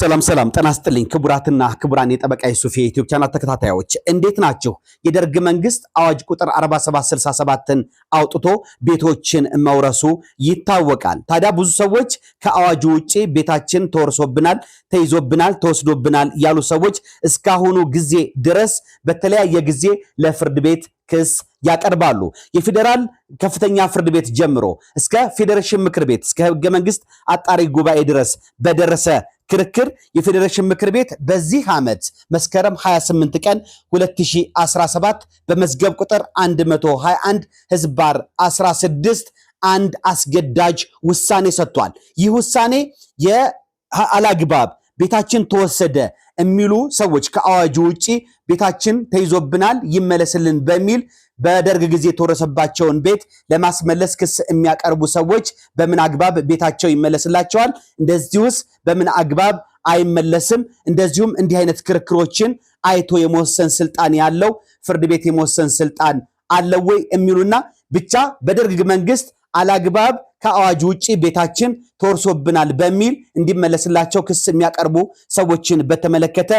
ሰላም ሰላም ጤና ይስጥልኝ ክቡራትና ክቡራን የጠበቃ ዩሱፍ የዩቲዩብ ቻናል ተከታታዮች እንዴት ናችሁ? የደርግ መንግስት አዋጅ ቁጥር 4767ን አውጥቶ ቤቶችን መውረሱ ይታወቃል። ታዲያ ብዙ ሰዎች ከአዋጁ ውጪ ቤታችን ተወርሶብናል፣ ተይዞብናል፣ ተወስዶብናል ያሉ ሰዎች እስካሁኑ ጊዜ ድረስ በተለያየ ጊዜ ለፍርድ ቤት ክስ ያቀርባሉ። የፌዴራል ከፍተኛ ፍርድ ቤት ጀምሮ እስከ ፌዴሬሽን ምክር ቤት እስከ ህገ መንግስት አጣሪ ጉባኤ ድረስ በደረሰ ክርክር የፌዴሬሽን ምክር ቤት በዚህ ዓመት መስከረም 28 ቀን 2017 በመዝገብ ቁጥር 121 ህዝባር 16 አንድ አስገዳጅ ውሳኔ ሰጥቷል። ይህ ውሳኔ የአላግባብ ቤታችን ተወሰደ የሚሉ ሰዎች ከአዋጁ ውጪ ቤታችን ተይዞብናል ይመለስልን በሚል በደርግ ጊዜ የተወረሰባቸውን ቤት ለማስመለስ ክስ የሚያቀርቡ ሰዎች በምን አግባብ ቤታቸው ይመለስላቸዋል? እንደዚሁስ በምን አግባብ አይመለስም? እንደዚሁም እንዲህ አይነት ክርክሮችን አይቶ የመወሰን ስልጣን ያለው ፍርድ ቤት የመወሰን ስልጣን አለው ወይ የሚሉና ብቻ በደርግ መንግስት አላግባብ ከአዋጅ ውጭ ቤታችን ተወርሶብናል በሚል እንዲመለስላቸው ክስ የሚያቀርቡ ሰዎችን በተመለከተ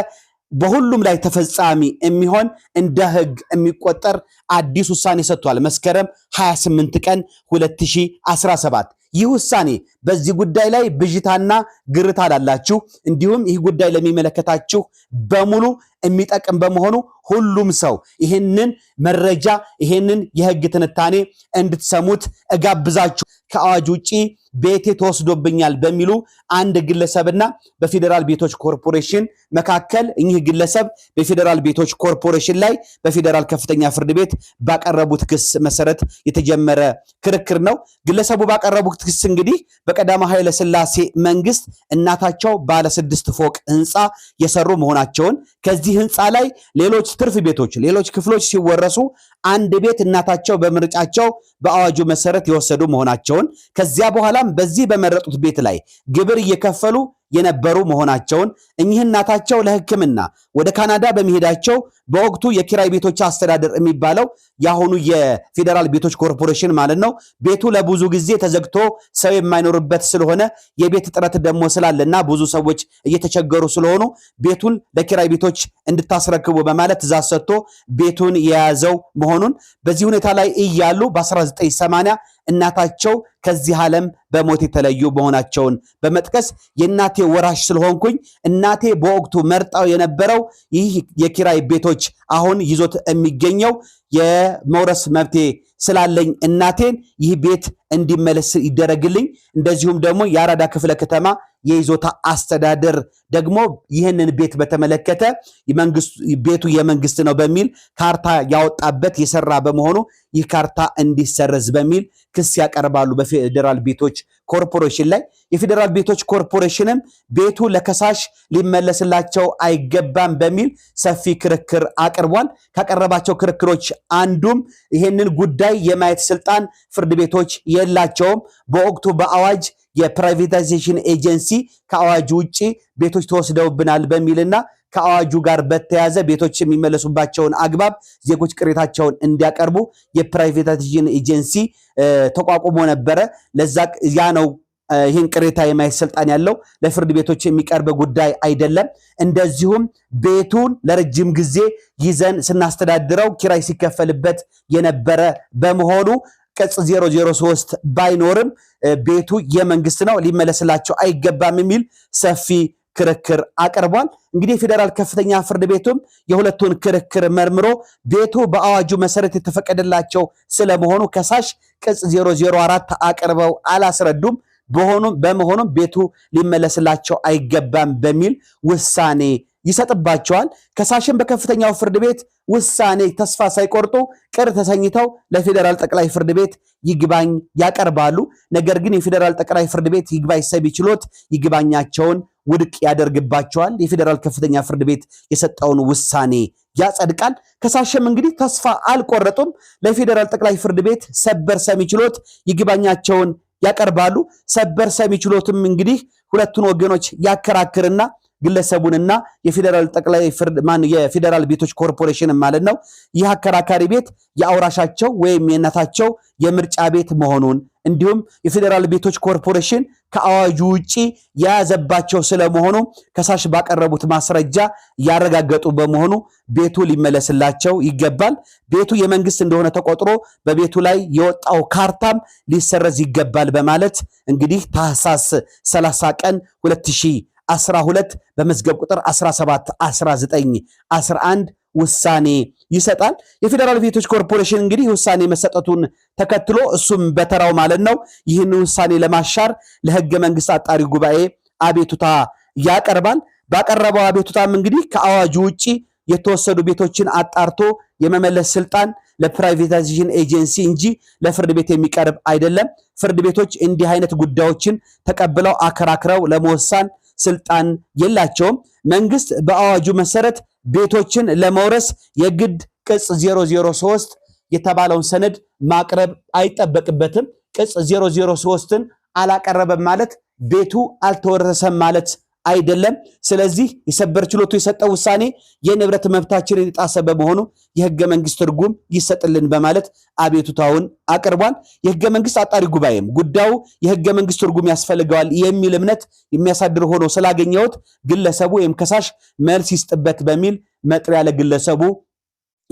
በሁሉም ላይ ተፈጻሚ የሚሆን እንደ ህግ የሚቆጠር አዲስ ውሳኔ ሰጥቷል። መስከረም 28 ቀን 2017 ይህ ውሳኔ በዚህ ጉዳይ ላይ ብዥታና ግርታ ላላችሁ እንዲሁም ይህ ጉዳይ ለሚመለከታችሁ በሙሉ የሚጠቅም በመሆኑ ሁሉም ሰው ይህንን መረጃ ይህንን የህግ ትንታኔ እንድትሰሙት እጋብዛችሁ። ከአዋጅ ውጪ ቤቴ ተወስዶብኛል በሚሉ አንድ ግለሰብና በፌዴራል ቤቶች ኮርፖሬሽን መካከል እኚህ ግለሰብ በፌዴራል ቤቶች ኮርፖሬሽን ላይ በፌዴራል ከፍተኛ ፍርድ ቤት ባቀረቡት ክስ መሰረት የተጀመረ ክርክር ነው። ግለሰቡ ባቀረቡት ክስ እንግዲህ በቀዳማዊ ኃይለ ሥላሴ መንግስት እናታቸው ባለ ስድስት ፎቅ ህንፃ የሰሩ መሆናቸውን ከዚህ ህንፃ ላይ ሌሎች ትርፍ ቤቶች፣ ሌሎች ክፍሎች ሲወረሱ አንድ ቤት እናታቸው በምርጫቸው በአዋጁ መሰረት የወሰዱ መሆናቸውን ከዚያ በኋላም በዚህ በመረጡት ቤት ላይ ግብር እየከፈሉ የነበሩ መሆናቸውን እኚህ እናታቸው ለሕክምና ወደ ካናዳ በመሄዳቸው በወቅቱ የኪራይ ቤቶች አስተዳደር የሚባለው የአሁኑ የፌዴራል ቤቶች ኮርፖሬሽን ማለት ነው። ቤቱ ለብዙ ጊዜ ተዘግቶ ሰው የማይኖርበት ስለሆነ የቤት እጥረት ደግሞ ስላለና ብዙ ሰዎች እየተቸገሩ ስለሆኑ ቤቱን ለኪራይ ቤቶች እንድታስረክቡ በማለት ትእዛዝ ሰጥቶ ቤቱን የያዘው መሆኑ መሆኑን በዚህ ሁኔታ ላይ እያሉ በ1980 እናታቸው ከዚህ ዓለም በሞት የተለዩ መሆናቸውን በመጥቀስ የእናቴ ወራሽ ስለሆንኩኝ እናቴ በወቅቱ መርጣው የነበረው ይህ የኪራይ ቤቶች አሁን ይዞት የሚገኘው የመውረስ መብቴ ስላለኝ እናቴን ይህ ቤት እንዲመለስ ይደረግልኝ፣ እንደዚሁም ደግሞ የአራዳ ክፍለ ከተማ የይዞታ አስተዳደር ደግሞ ይህንን ቤት በተመለከተ ቤቱ የመንግስት ነው በሚል ካርታ ያወጣበት የሰራ በመሆኑ ይህ ካርታ እንዲሰረዝ በሚል ክስ ያቀርባሉ በፌዴራል ቤቶች ኮርፖሬሽን ላይ። የፌዴራል ቤቶች ኮርፖሬሽንም ቤቱ ለከሳሽ ሊመለስላቸው አይገባም በሚል ሰፊ ክርክር አቅርቧል። ካቀረባቸው ክርክሮች አንዱም ይህንን ጉዳይ የማየት ስልጣን ፍርድ ቤቶች የላቸውም፣ በወቅቱ በአዋጅ የፕራይቬታይዜሽን ኤጀንሲ ከአዋጁ ውጭ ቤቶች ተወስደውብናል በሚልና ከአዋጁ ጋር በተያዘ ቤቶች የሚመለሱባቸውን አግባብ ዜጎች ቅሬታቸውን እንዲያቀርቡ የፕራይቬታይዜሽን ኤጀንሲ ተቋቁሞ ነበረ። ለዛ ያ ነው ይህን ቅሬታ የማየት ስልጣን ያለው ለፍርድ ቤቶች የሚቀርብ ጉዳይ አይደለም። እንደዚሁም ቤቱን ለረጅም ጊዜ ይዘን ስናስተዳድረው ኪራይ ሲከፈልበት የነበረ በመሆኑ ቅጽ 003 ባይኖርም ቤቱ የመንግስት ነው ሊመለስላቸው አይገባም የሚል ሰፊ ክርክር አቅርቧል። እንግዲህ የፌዴራል ከፍተኛ ፍርድ ቤቱም የሁለቱን ክርክር መርምሮ ቤቱ በአዋጁ መሰረት የተፈቀደላቸው ስለመሆኑ ከሳሽ ቅጽ 004 አቅርበው አላስረዱም። በሆኑም በመሆኑም ቤቱ ሊመለስላቸው አይገባም በሚል ውሳኔ ይሰጥባቸዋል። ከሳሽን በከፍተኛው ፍርድ ቤት ውሳኔ ተስፋ ሳይቆርጡ ቅር ተሰኝተው ለፌዴራል ጠቅላይ ፍርድ ቤት ይግባኝ ያቀርባሉ። ነገር ግን የፌዴራል ጠቅላይ ፍርድ ቤት ይግባኝ ሰሚ ችሎት ይግባኛቸውን ውድቅ ያደርግባቸዋል። የፌዴራል ከፍተኛ ፍርድ ቤት የሰጠውን ውሳኔ ያጸድቃል። ከሳሸም እንግዲህ ተስፋ አልቆረጡም። ለፌዴራል ጠቅላይ ፍርድ ቤት ሰበር ሰሚ ችሎት ይግባኛቸውን ያቀርባሉ። ሰበር ሰሚ ችሎትም እንግዲህ ሁለቱን ወገኖች ያከራክርና ግለሰቡንና የፌዴራል ጠቅላይ ፍርድ ማን የፌዴራል ቤቶች ኮርፖሬሽን ማለት ነው። ይህ አከራካሪ ቤት የአውራሻቸው ወይም የእናታቸው የምርጫ ቤት መሆኑን እንዲሁም የፌዴራል ቤቶች ኮርፖሬሽን ከአዋጁ ውጪ የያዘባቸው ስለመሆኑ ከሳሽ ባቀረቡት ማስረጃ ያረጋገጡ በመሆኑ ቤቱ ሊመለስላቸው ይገባል። ቤቱ የመንግስት እንደሆነ ተቆጥሮ በቤቱ ላይ የወጣው ካርታም ሊሰረዝ ይገባል በማለት እንግዲህ ታህሳስ 30 ቀን 2000 12 በመዝገብ ቁጥር 17፣ 19፣ 11 ውሳኔ ይሰጣል። የፌዴራል ቤቶች ኮርፖሬሽን እንግዲህ ውሳኔ መሰጠቱን ተከትሎ እሱም በተራው ማለት ነው ይህን ውሳኔ ለማሻር ለህገ መንግስት አጣሪ ጉባኤ አቤቱታ ያቀርባል። ባቀረበው አቤቱታም እንግዲህ ከአዋጁ ውጭ የተወሰዱ ቤቶችን አጣርቶ የመመለስ ስልጣን ለፕራይቬታይዜሽን ኤጀንሲ እንጂ ለፍርድ ቤት የሚቀርብ አይደለም። ፍርድ ቤቶች እንዲህ አይነት ጉዳዮችን ተቀብለው አከራክረው ለመወሳን ስልጣን የላቸውም። መንግስት በአዋጁ መሰረት ቤቶችን ለመውረስ የግድ ቅጽ 003 የተባለውን ሰነድ ማቅረብ አይጠበቅበትም። ቅጽ 003ን አላቀረበም ማለት ቤቱ አልተወረሰም ማለት አይደለም። ስለዚህ የሰበር ችሎቱ የሰጠው ውሳኔ የንብረት መብታችንን የጣሰ በመሆኑ የህገ መንግስት ትርጉም ይሰጥልን በማለት አቤቱታውን አቅርቧል። የህገ መንግስት አጣሪ ጉባኤም ጉዳዩ የህገ መንግስት ትርጉም ያስፈልገዋል የሚል እምነት የሚያሳድር ሆኖ ስላገኘሁት ግለሰቡ ወይም ከሳሽ መልስ ይስጥበት በሚል መጥሪያ ለግለሰቡ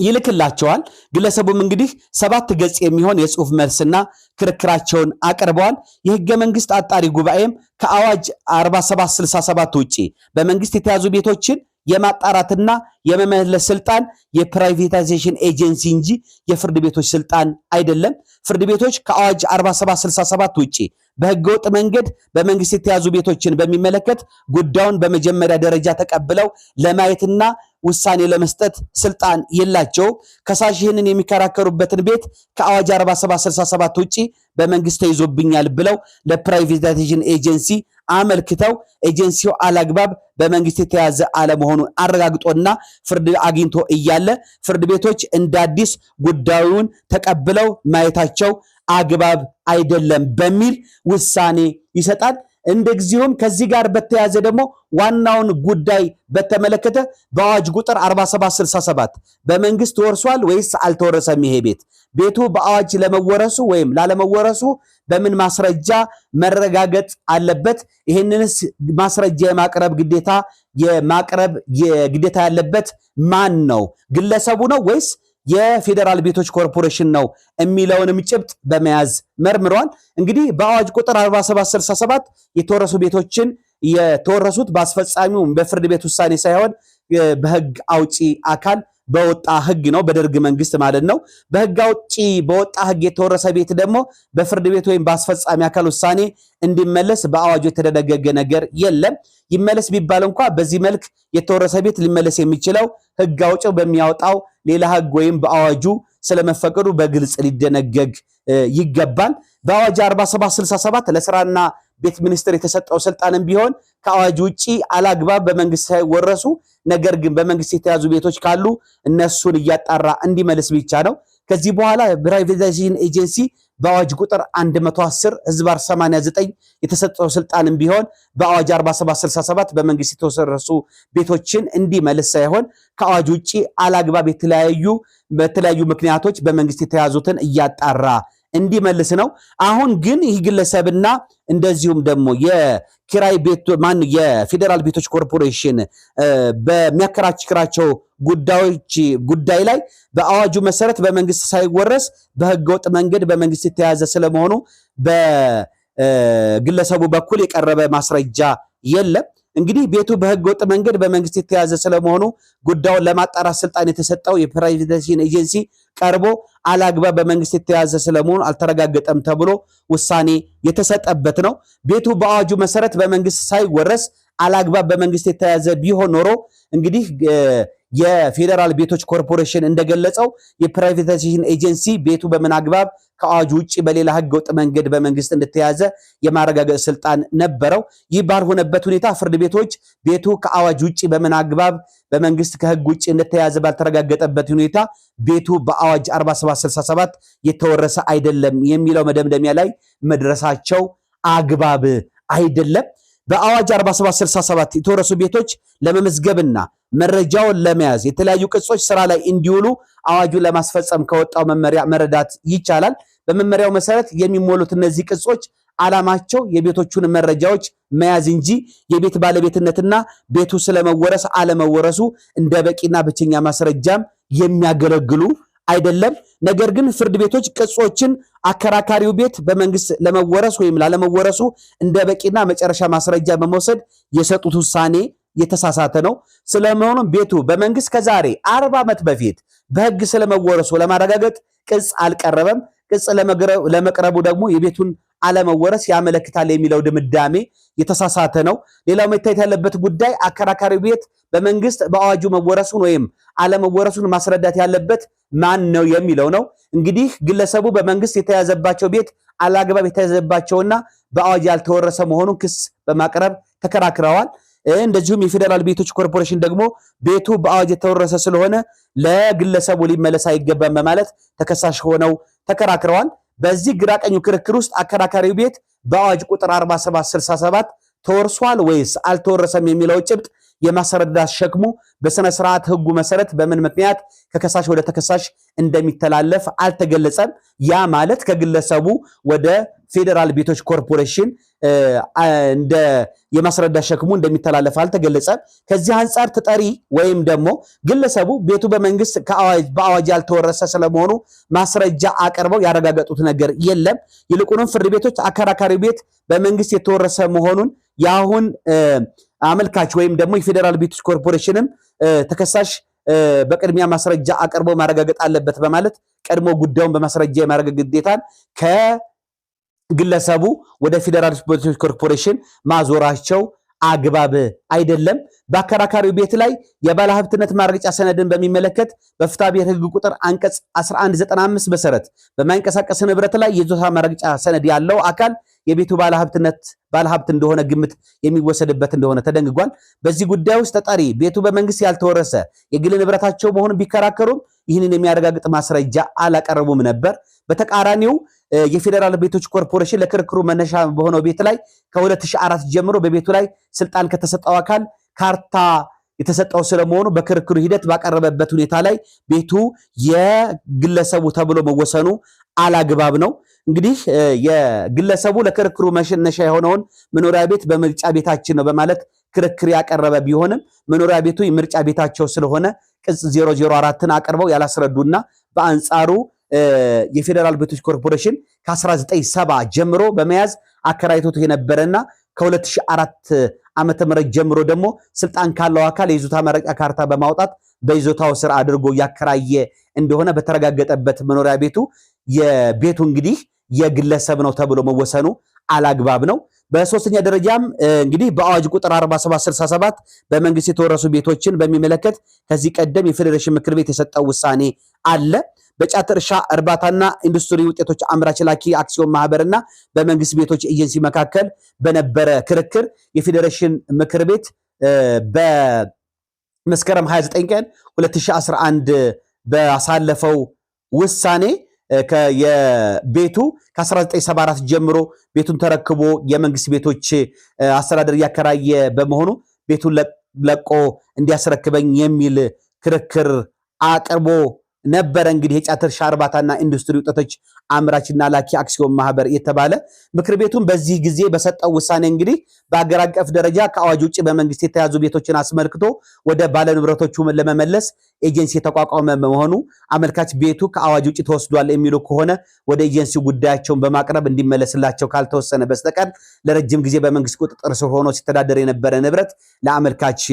ይልክላቸዋል። ግለሰቡም እንግዲህ ሰባት ገጽ የሚሆን የጽሁፍ መልስና ክርክራቸውን አቅርበዋል። የህገ መንግስት አጣሪ ጉባኤም ከአዋጅ 4767 ውጪ በመንግስት የተያዙ ቤቶችን የማጣራትና የመመለስ ስልጣን የፕራይቬታይዜሽን ኤጀንሲ እንጂ የፍርድ ቤቶች ስልጣን አይደለም። ፍርድ ቤቶች ከአዋጅ 4767 ውጪ በህገወጥ መንገድ በመንግስት የተያዙ ቤቶችን በሚመለከት ጉዳዩን በመጀመሪያ ደረጃ ተቀብለው ለማየትና ውሳኔ ለመስጠት ስልጣን የላቸው። ከሳሽ ይህንን የሚከራከሩበትን ቤት ከአዋጅ 4767 ውጭ በመንግስት ተይዞብኛል ብለው ለፕራይቬታይዜሽን ኤጀንሲ አመልክተው ኤጀንሲው አላግባብ በመንግስት የተያዘ አለመሆኑን አረጋግጦና ፍርድ አግኝቶ እያለ ፍርድ ቤቶች እንደ አዲስ ጉዳዩን ተቀብለው ማየታቸው አግባብ አይደለም በሚል ውሳኔ ይሰጣል። ጊዜውም ከዚህ ጋር በተያዘ ደግሞ ዋናውን ጉዳይ በተመለከተ በአዋጅ ቁጥር 4767 በመንግስት ወርሷል ወይስ አልተወረሰም? ይሄ ቤት ቤቱ በአዋጅ ለመወረሱ ወይም ላለመወረሱ በምን ማስረጃ መረጋገጥ አለበት? ይህንንስ ማስረጃ የማቅረብ ግዴታ የማቅረብ ግዴታ ያለበት ማን ነው? ግለሰቡ ነው ወይስ የፌዴራል ቤቶች ኮርፖሬሽን ነው የሚለውንም ጭብጥ በመያዝ መርምሯል። እንግዲህ በአዋጅ ቁጥር 4767 የተወረሱ ቤቶችን የተወረሱት በአስፈጻሚው በፍርድ ቤት ውሳኔ ሳይሆን በህግ አውጪ አካል በወጣ ህግ ነው፣ በደርግ መንግስት ማለት ነው። በህግ አውጪ በወጣ ህግ የተወረሰ ቤት ደግሞ በፍርድ ቤት ወይም በአስፈጻሚ አካል ውሳኔ እንዲመለስ በአዋጁ የተደነገገ ነገር የለም። ይመለስ ቢባል እንኳ በዚህ መልክ የተወረሰ ቤት ሊመለስ የሚችለው ህግ አውጪው በሚያወጣው ሌላ ህግ ወይም በአዋጁ ስለመፈቀዱ በግልጽ ሊደነገግ ይገባል። በአዋጅ 4767 ለስራና ቤት ሚኒስትር የተሰጠው ስልጣንም ቢሆን ከአዋጅ ውጪ አላግባብ በመንግስት ሳይወረሱ ነገር ግን በመንግስት የተያዙ ቤቶች ካሉ እነሱን እያጣራ እንዲመልስ ብቻ ነው። ከዚህ በኋላ ፕራይቬታይዜሽን ኤጀንሲ በአዋጅ ቁጥር 110 ህዝባር 89 የተሰጠው ስልጣንም ቢሆን በአዋጅ 4767 በመንግስት የተወረሱ ቤቶችን እንዲመልስ ሳይሆን ከአዋጅ ውጪ አላግባብ የተለያዩ በተለያዩ ምክንያቶች በመንግስት የተያዙትን እያጣራ እንዲመልስ ነው። አሁን ግን ይህ ግለሰብና እንደዚሁም ደግሞ የኪራይ ቤት ማን የፌዴራል ቤቶች ኮርፖሬሽን በሚያከራክራቸው ጉዳዮች ጉዳይ ላይ በአዋጁ መሰረት በመንግስት ሳይወረስ በህገወጥ መንገድ በመንግስት የተያዘ ስለመሆኑ በግለሰቡ በኩል የቀረበ ማስረጃ የለም። እንግዲህ ቤቱ በህገ ወጥ መንገድ በመንግስት የተያዘ ስለመሆኑ ጉዳዩን ለማጣራት ስልጣን የተሰጠው የፕራይቬታይዜሽን ኤጀንሲ ቀርቦ አላግባብ በመንግስት የተያዘ ስለመሆኑ አልተረጋገጠም ተብሎ ውሳኔ የተሰጠበት ነው። ቤቱ በአዋጁ መሰረት በመንግስት ሳይወረስ አላግባብ በመንግስት የተያዘ ቢሆን ኖሮ እንግዲህ የፌዴራል ቤቶች ኮርፖሬሽን እንደገለጸው የፕራይቬታይዜሽን ኤጀንሲ ቤቱ በምን አግባብ ከአዋጅ ውጭ በሌላ ህገወጥ መንገድ በመንግስት እንደተያዘ የማረጋገጥ ስልጣን ነበረው። ይህ ባልሆነበት ሁኔታ ፍርድ ቤቶች ቤቱ ከአዋጅ ውጭ በምን አግባብ በመንግስት ከህግ ውጭ እንደተያዘ ባልተረጋገጠበት ሁኔታ ቤቱ በአዋጅ 4767 የተወረሰ አይደለም የሚለው መደምደሚያ ላይ መድረሳቸው አግባብ አይደለም። በአዋጅ 4767 የተወረሱ ቤቶች ለመመዝገብና መረጃውን ለመያዝ የተለያዩ ቅጾች ስራ ላይ እንዲውሉ አዋጁን ለማስፈጸም ከወጣው መመሪያ መረዳት ይቻላል። በመመሪያው መሰረት የሚሞሉት እነዚህ ቅጾች ዓላማቸው የቤቶቹን መረጃዎች መያዝ እንጂ የቤት ባለቤትነትና ቤቱ ስለመወረስ አለመወረሱ እንደ በቂና ብቸኛ ማስረጃም የሚያገለግሉ አይደለም። ነገር ግን ፍርድ ቤቶች ቅጾችን አከራካሪው ቤት በመንግስት ለመወረስ ወይም ላለመወረሱ እንደ በቂና መጨረሻ ማስረጃ በመውሰድ የሰጡት ውሳኔ የተሳሳተ ነው። ስለመሆኑም ቤቱ በመንግስት ከዛሬ አርባ ዓመት በፊት በህግ ስለመወረሱ ለማረጋገጥ ቅጽ አልቀረበም። ቅጽ ለመቅረቡ ደግሞ የቤቱን አለመወረስ ያመለክታል የሚለው ድምዳሜ የተሳሳተ ነው። ሌላው መታየት ያለበት ጉዳይ አከራካሪ ቤት በመንግስት በአዋጁ መወረሱን ወይም አለመወረሱን ማስረዳት ያለበት ማን ነው የሚለው ነው። እንግዲህ ግለሰቡ በመንግስት የተያዘባቸው ቤት አላግባብ የተያዘባቸውና በአዋጅ ያልተወረሰ መሆኑን ክስ በማቅረብ ተከራክረዋል። እንደዚሁም የፌዴራል ቤቶች ኮርፖሬሽን ደግሞ ቤቱ በአዋጅ የተወረሰ ስለሆነ ለግለሰቡ ሊመለስ አይገባም በማለት ተከሳሽ ሆነው ተከራክረዋል። በዚህ ግራቀኙ ክርክር ውስጥ አከራካሪው ቤት በአዋጅ ቁጥር 4767 ተወርሷል ወይስ አልተወረሰም የሚለው ጭብጥ የማስረዳት ሸክሙ በስነ ስርዓት ህጉ መሰረት በምን ምክንያት ከከሳሽ ወደ ተከሳሽ እንደሚተላለፍ አልተገለጸም። ያ ማለት ከግለሰቡ ወደ ፌዴራል ቤቶች ኮርፖሬሽን እንደ የማስረዳ ሸክሙ እንደሚተላለፍ አልተገለጸም። ከዚህ አንጻር ተጠሪ ወይም ደግሞ ግለሰቡ ቤቱ በመንግስት በአዋጅ ያልተወረሰ ስለመሆኑ ማስረጃ አቅርበው ያረጋገጡት ነገር የለም። ይልቁንም ፍርድ ቤቶች አከራካሪ ቤት በመንግስት የተወረሰ መሆኑን የአሁን አመልካች ወይም ደግሞ የፌዴራል ቤቶች ኮርፖሬሽንም ተከሳሽ በቅድሚያ ማስረጃ አቅርቦ ማረጋገጥ አለበት በማለት ቀድሞ ጉዳዩን በማስረጃ የማረጋገጥ ግዴታን ግለሰቡ ወደ ፌዴራል ሞተር ኮርፖሬሽን ማዞራቸው አግባብ አይደለም። በአከራካሪው ቤት ላይ የባለሀብትነት ማረጋገጫ ሰነድን በሚመለከት በፍትሐብሔር ሕግ ቁጥር አንቀጽ 1195 መሰረት በማይንቀሳቀስ ንብረት ላይ የይዞታ ማረጋገጫ ሰነድ ያለው አካል የቤቱ ባለ ሀብት እንደሆነ ግምት የሚወሰድበት እንደሆነ ተደንግጓል። በዚህ ጉዳይ ውስጥ ተጠሪ ቤቱ በመንግስት ያልተወረሰ የግል ንብረታቸው መሆኑን ቢከራከሩም ይህንን የሚያረጋግጥ ማስረጃ አላቀረቡም ነበር። በተቃራኒው የፌዴራል ቤቶች ኮርፖሬሽን ለክርክሩ መነሻ በሆነው ቤት ላይ ከ2004 ጀምሮ በቤቱ ላይ ስልጣን ከተሰጠው አካል ካርታ የተሰጠው ስለመሆኑ በክርክሩ ሂደት ባቀረበበት ሁኔታ ላይ ቤቱ የግለሰቡ ተብሎ መወሰኑ አላግባብ ነው። እንግዲህ የግለሰቡ ለክርክሩ መነሻ የሆነውን መኖሪያ ቤት በምርጫ ቤታችን ነው በማለት ክርክር ያቀረበ ቢሆንም መኖሪያ ቤቱ የምርጫ ቤታቸው ስለሆነ ቅጽ 004ን አቅርበው ያላስረዱና በአንጻሩ የፌዴራል ቤቶች ኮርፖሬሽን ከ1970 ጀምሮ በመያዝ አከራይቶት የነበረና ከ2004 ዓመተ ምህረት ጀምሮ ደግሞ ስልጣን ካለው አካል የይዞታ መረቂያ ካርታ በማውጣት በይዞታው ስር አድርጎ እያከራየ እንደሆነ በተረጋገጠበት መኖሪያ ቤቱ የቤቱ እንግዲህ የግለሰብ ነው ተብሎ መወሰኑ አላግባብ ነው። በሶስተኛ ደረጃም እንግዲህ በአዋጅ ቁጥር 4767 በመንግስት የተወረሱ ቤቶችን በሚመለከት ከዚህ ቀደም የፌዴሬሽን ምክር ቤት የሰጠው ውሳኔ አለ። በጫት እርሻ እርባታና ኢንዱስትሪ ውጤቶች አምራች ላኪ አክሲዮን ማህበርና በመንግስት ቤቶች ኤጀንሲ መካከል በነበረ ክርክር የፌዴሬሽን ምክር ቤት በመስከረም 29 ቀን 2011 ባሳለፈው ውሳኔ የቤቱ ከ1974 ጀምሮ ቤቱን ተረክቦ የመንግስት ቤቶች አስተዳደር እያከራየ በመሆኑ ቤቱን ለቆ እንዲያስረክበኝ የሚል ክርክር አቅርቦ ነበረ እንግዲህ የጫት እርሻ እርባታና ኢንዱስትሪ ውጤቶች አምራችና ላኪ አክሲዮን ማህበር የተባለ ምክር ቤቱን በዚህ ጊዜ በሰጠው ውሳኔ እንግዲህ በአገር አቀፍ ደረጃ ከአዋጅ ውጭ በመንግስት የተያዙ ቤቶችን አስመልክቶ ወደ ባለንብረቶቹ ለመመለስ ኤጀንሲ የተቋቋመ በመሆኑ አመልካች ቤቱ ከአዋጅ ውጭ ተወስዷል የሚሉ ከሆነ ወደ ኤጀንሲ ጉዳያቸውን በማቅረብ እንዲመለስላቸው ካልተወሰነ በስተቀር ለረጅም ጊዜ በመንግስት ቁጥጥር ስር ሆኖ ሲተዳደር የነበረ ንብረት ለአመልካች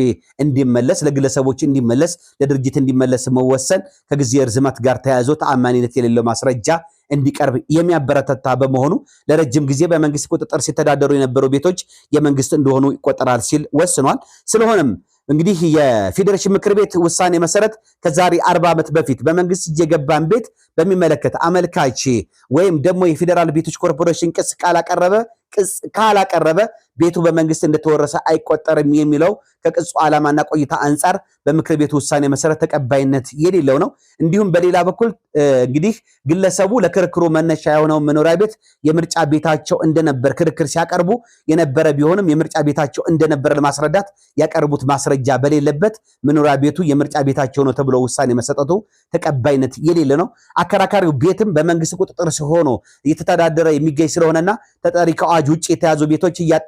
እንዲመለስ፣ ለግለሰቦች እንዲመለስ፣ ለድርጅት እንዲመለስ መወሰን ከጊዜ ዝመት ጋር ተያይዞ ተአማኒነት የሌለው ማስረጃ እንዲቀርብ የሚያበረታታ በመሆኑ ለረጅም ጊዜ በመንግስት ቁጥጥር ሲተዳደሩ የነበሩ ቤቶች የመንግስት እንደሆኑ ይቆጠራል ሲል ወስኗል። ስለሆነም እንግዲህ የፌዴሬሽን ምክር ቤት ውሳኔ መሰረት ከዛሬ አርባ ዓመት በፊት በመንግስት እጅ የገባን ቤት በሚመለከት አመልካች ወይም ደግሞ የፌዴራል ቤቶች ኮርፖሬሽን ቅጽ ካላቀረበ ቤቱ በመንግስት እንደተወረሰ አይቆጠርም የሚለው ከቅጹ ዓላማና ቆይታ አንጻር በምክር ቤቱ ውሳኔ መሰረት ተቀባይነት የሌለው ነው። እንዲሁም በሌላ በኩል እንግዲህ ግለሰቡ ለክርክሩ መነሻ የሆነውን መኖሪያ ቤት የምርጫ ቤታቸው እንደነበር ክርክር ሲያቀርቡ የነበረ ቢሆንም የምርጫ ቤታቸው እንደነበረ ለማስረዳት ያቀርቡት ማስረጃ በሌለበት መኖሪያ ቤቱ የምርጫ ቤታቸው ነው ተብሎ ውሳኔ መሰጠቱ ተቀባይነት የሌለ ነው። አከራካሪው ቤትም በመንግስት ቁጥጥር ሆኖ እየተተዳደረ የሚገኝ ስለሆነና ተጠሪ ከአዋጅ ውጭ የተያዙ ቤቶች እያጣ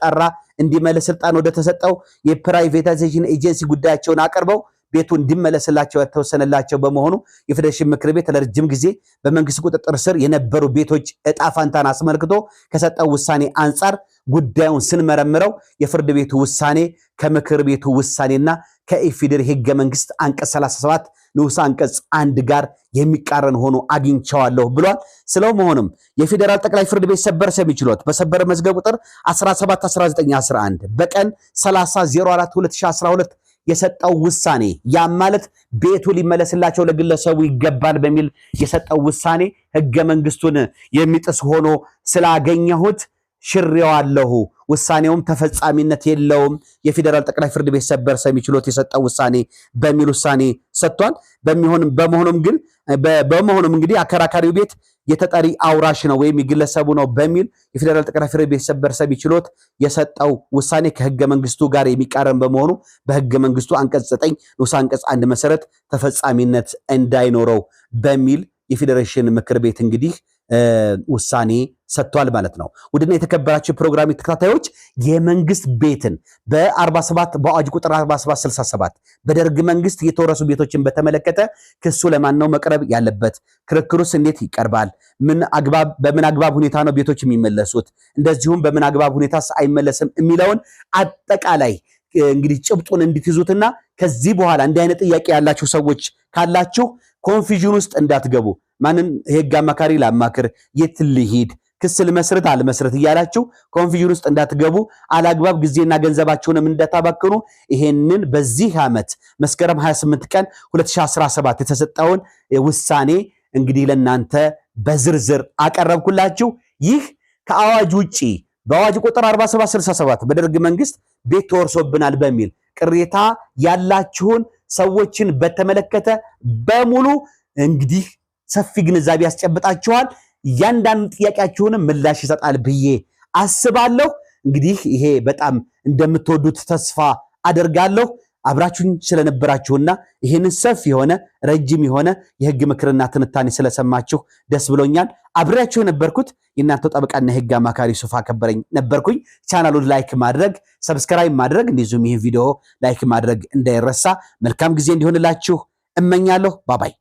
እንዲመልስ ስልጣን ወደ ተሰጠው የፕራይቬታይዜሽን ኤጀንሲ ጉዳያቸውን አቅርበው ቤቱ እንዲመለስላቸው የተወሰነላቸው በመሆኑ የፌዴሬሽን ምክር ቤት ለረጅም ጊዜ በመንግስት ቁጥጥር ስር የነበሩ ቤቶች ዕጣ ፋንታን አስመልክቶ ከሰጠው ውሳኔ አንጻር ጉዳዩን ስንመረምረው የፍርድ ቤቱ ውሳኔ ከምክር ቤቱ ውሳኔና ከኢፌዴሪ ህገ መንግስት አንቀጽ 37 ንዑስ አንቀጽ አንድ ጋር የሚቃረን ሆኖ አግኝቸዋለሁ ብሏል። ስለው የፌዴራል ጠቅላይ ፍርድ ቤት ሰበር ሰሚ ችሎት በሰበር መዝገብ ቁጥር 171911 በቀን 30 04 2012 የሰጠው ውሳኔ ያም ማለት ቤቱ ሊመለስላቸው ለግለሰቡ ይገባል በሚል የሰጠው ውሳኔ ህገ መንግስቱን የሚጥስ ሆኖ ስላገኘሁት ሽሬዋለሁ። ውሳኔውም ተፈጻሚነት የለውም፣ የፌዴራል ጠቅላይ ፍርድ ቤት ሰበር ሰሚ ችሎት የሰጠው ውሳኔ በሚል ውሳኔ ሰጥቷል። በመሆኑም ግን በመሆኑም እንግዲህ አከራካሪው ቤት የተጠሪ አውራሽ ነው ወይም የግለሰቡ ነው በሚል የፌዴራል ጠቅላይ ፍርድ ቤት ሰበር ሰሚ ችሎት የሰጠው ውሳኔ ከህገ መንግስቱ ጋር የሚቃረን በመሆኑ በህገ መንግስቱ አንቀጽ ዘጠኝ ንዑስ አንቀጽ አንድ መሰረት ተፈጻሚነት እንዳይኖረው በሚል የፌዴሬሽን ምክር ቤት እንግዲህ ውሳኔ ሰጥቷል ማለት ነው። ውድና የተከበራቸው ፕሮግራም ተከታታዮች የመንግስት ቤትን በ47 በአዋጅ ቁጥር 4767 በደርግ መንግስት የተወረሱ ቤቶችን በተመለከተ ክሱ ለማን ነው መቅረብ ያለበት? ክርክሩስ እንዴት ይቀርባል? በምን አግባብ ሁኔታ ነው ቤቶች የሚመለሱት? እንደዚሁም በምን አግባብ ሁኔታስ አይመለስም የሚለውን አጠቃላይ እንግዲህ ጭብጡን እንድትይዙትና ከዚህ በኋላ እንዲህ አይነት ጥያቄ ያላችሁ ሰዎች ካላችሁ ኮንፊዥን ውስጥ እንዳትገቡ ማንን የህግ አማካሪ ላማክር፣ የት ልሂድ፣ ክስ ልመስረት አልመስረት እያላችሁ ኮንፊዥን ውስጥ እንዳትገቡ፣ አላግባብ ጊዜና ገንዘባችሁንም እንዳታባክኑ ይሄንን በዚህ ዓመት መስከረም 28 ቀን 2017 የተሰጠውን ውሳኔ እንግዲህ ለእናንተ በዝርዝር አቀረብኩላችሁ። ይህ ከአዋጅ ውጪ በአዋጅ ቁጥር 4767 በደርግ መንግስት ቤት ተወርሶብናል በሚል ቅሬታ ያላችሁን ሰዎችን በተመለከተ በሙሉ እንግዲህ ሰፊ ግንዛቤ ያስጨብጣችኋል። እያንዳንዱ ጥያቄያችሁንም ምላሽ ይሰጣል ብዬ አስባለሁ። እንግዲህ ይሄ በጣም እንደምትወዱት ተስፋ አደርጋለሁ። አብራችሁን ስለነበራችሁና ይህንን ሰፊ የሆነ ረጅም የሆነ የህግ ምክርና ትንታኔ ስለሰማችሁ ደስ ብሎኛል። አብሬያችሁ የነበርኩት የእናንተው ጠበቃና የህግ አማካሪ ሱፍ ከበረኝ ነበርኩኝ። ቻናሉን ላይክ ማድረግ፣ ሰብስክራይብ ማድረግ እንደዚሁም ይህን ቪዲዮ ላይክ ማድረግ እንዳይረሳ። መልካም ጊዜ እንዲሆንላችሁ እመኛለሁ። ባባይ